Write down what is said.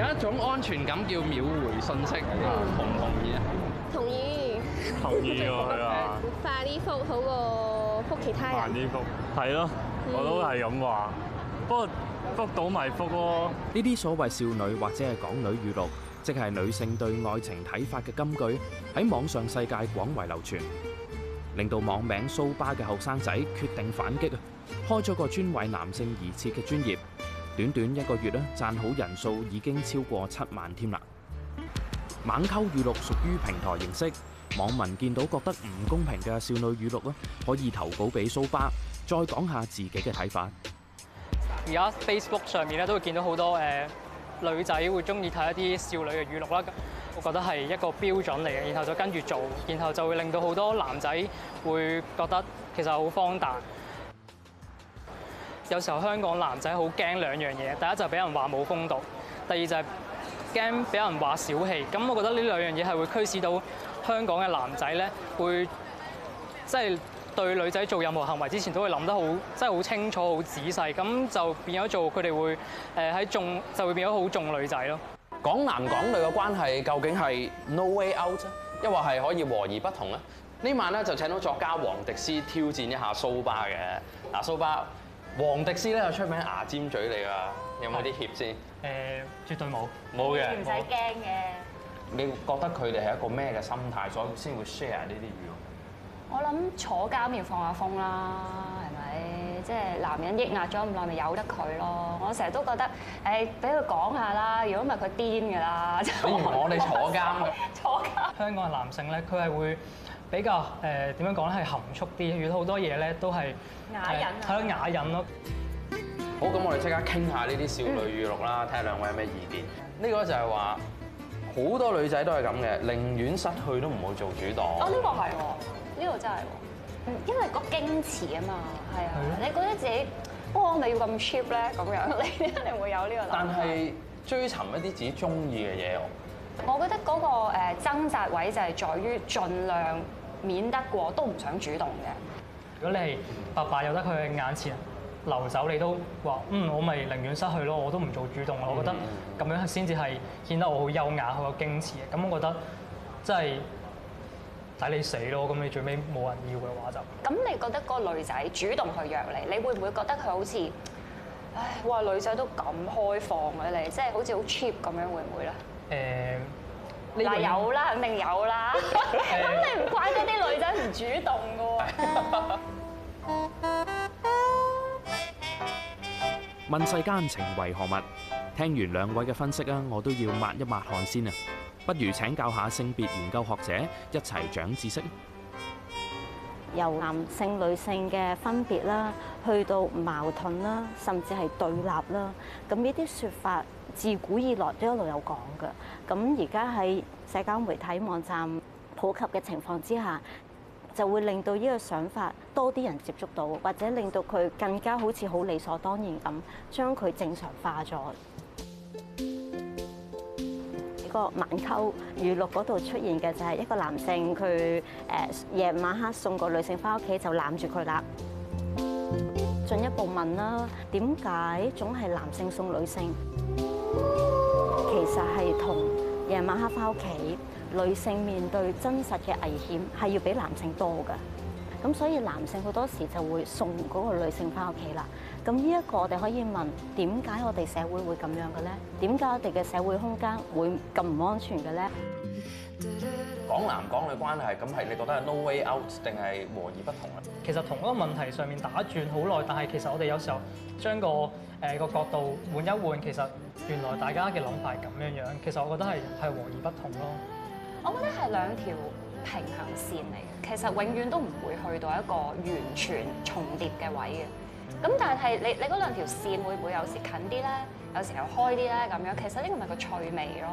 有一種安全感叫秒回信息，同唔同意啊？同意，同意啊！快啲復好過復其他人，快啲復，係咯，我都係咁話。不過復到埋復喎，呢啲所謂少女或者係港女語錄，即係女性對愛情睇法嘅金句，喺網上世界廣為流傳，令到網名蘇巴嘅後生仔決定反擊啊！開咗個專為男性而設嘅專頁。短短一個月咧，讚好人數已經超過七萬添啦！猛鳩語錄屬於平台形式，網民見到覺得唔公平嘅少女語錄咧，可以投稿俾蘇花，再講下自己嘅睇法。而家 Facebook 上面咧，都會見到好多誒、呃、女仔會中意睇一啲少女嘅語錄啦。我覺得係一個標準嚟嘅，然後就跟住做，然後就會令到好多男仔會覺得其實好荒誕。有時候香港男仔好驚兩樣嘢，第一就係俾人話冇風度，第二就係驚俾人話小氣。咁我覺得呢兩樣嘢係會驅使到香港嘅男仔咧，會即係對女仔做任何行為之前都會諗得好，即係好清楚、好仔細。咁就變咗做佢哋會誒喺重就會變咗好重女仔咯。港男港女嘅關係究竟係 no way out，抑或係可以和而不同咧？呢晚咧就請到作家王迪詩挑戰一下蘇巴嘅嗱，蘇巴。王迪詩咧又出名牙尖嘴利啊，有冇啲怯先？誒，絕對冇。冇嘅。唔使驚嘅。你覺得佢哋係一個咩嘅心態，所以先會 share 呢啲語？我諗坐監要放下風啦，係咪？即係男人抑壓咗咁耐，咪由得佢咯？我成日都覺得，誒，俾佢講下啦。如果唔係佢癲㗎啦。比如我哋坐監嘅。坐監。香港嘅男性咧，佢係會。比較誒點樣講咧，係含蓄啲，遇到好多嘢咧都係啞忍咯。啞忍呃、好，咁我哋即刻傾下呢啲少女語錄啦，睇下兩位有咩意見。呢個就係話好多女仔都係咁嘅，寧願失去都唔會做主導。哦，呢、呢個係喎，呢個真係喎，因為個矜持啊嘛，係啊，的你覺得自己我唔係要咁 cheap 咧，咁樣你一定會有呢個。但係追尋一啲自己中意嘅嘢。我覺得嗰個誒掙扎位就係在於盡量。免得過都唔想主動嘅。如果你係白白有得佢嘅眼前流走，你都話嗯，我咪寧願失去咯，我都唔做主動、嗯我我。我覺得咁樣先至係顯得我好優雅、好有矜持嘅。咁我覺得即係睇你死咯。咁你最尾冇人要嘅話就咁，你覺得嗰個女仔主動去約你，你會唔會覺得佢好似唉？哇！女仔都咁開放嘅、啊、你，即係好似好 cheap 咁樣，會唔會咧？誒。呃你話有啦，肯定有啦。咁你唔怪得啲女仔唔主動噶喎。問世間情為何物？聽完兩位嘅分析啊，我都要抹一抹汗先啊。不如請教下性別研究學者，一齊長知識。由男性、女性嘅分別啦，去到矛盾啦，甚至係對立啦，咁呢啲説法，自古以來都一路有講嘅，咁而家喺社交媒體網站普及嘅情況之下，就會令到呢個想法多啲人接觸到，或者令到佢更加好似好理所當然咁，將佢正常化咗。呢個猛鳩語錄嗰度出現嘅就係一個男性，佢誒夜晚黑送個女性返屋企就攬住佢啦，進一步問啦，點解總係男性送女性？其實係同夜晚黑翻屋企，女性面對真實嘅危險係要比男性多噶。咁所以男性好多時就會送嗰個女性翻屋企啦。咁呢一個我哋可以問，點解我哋社會會咁樣嘅咧？點解我哋嘅社會空間會咁唔安全嘅咧？港男港女關係咁係，你覺得係 no way out 定係和而不同咧？其實同一個問題上面打轉好耐，但係其實我哋有時候將個誒個、呃、角度換一換，其實原來大家嘅諗法係咁樣樣。其實我覺得係係和而不同咯。 我覺得係兩條平行線嚟嘅，其實永遠都唔會去到一個完全重疊嘅位嘅。咁但係你你嗰兩條線會唔會有時近啲咧？有時候開啲咧咁樣，其實呢唔咪個趣味咯。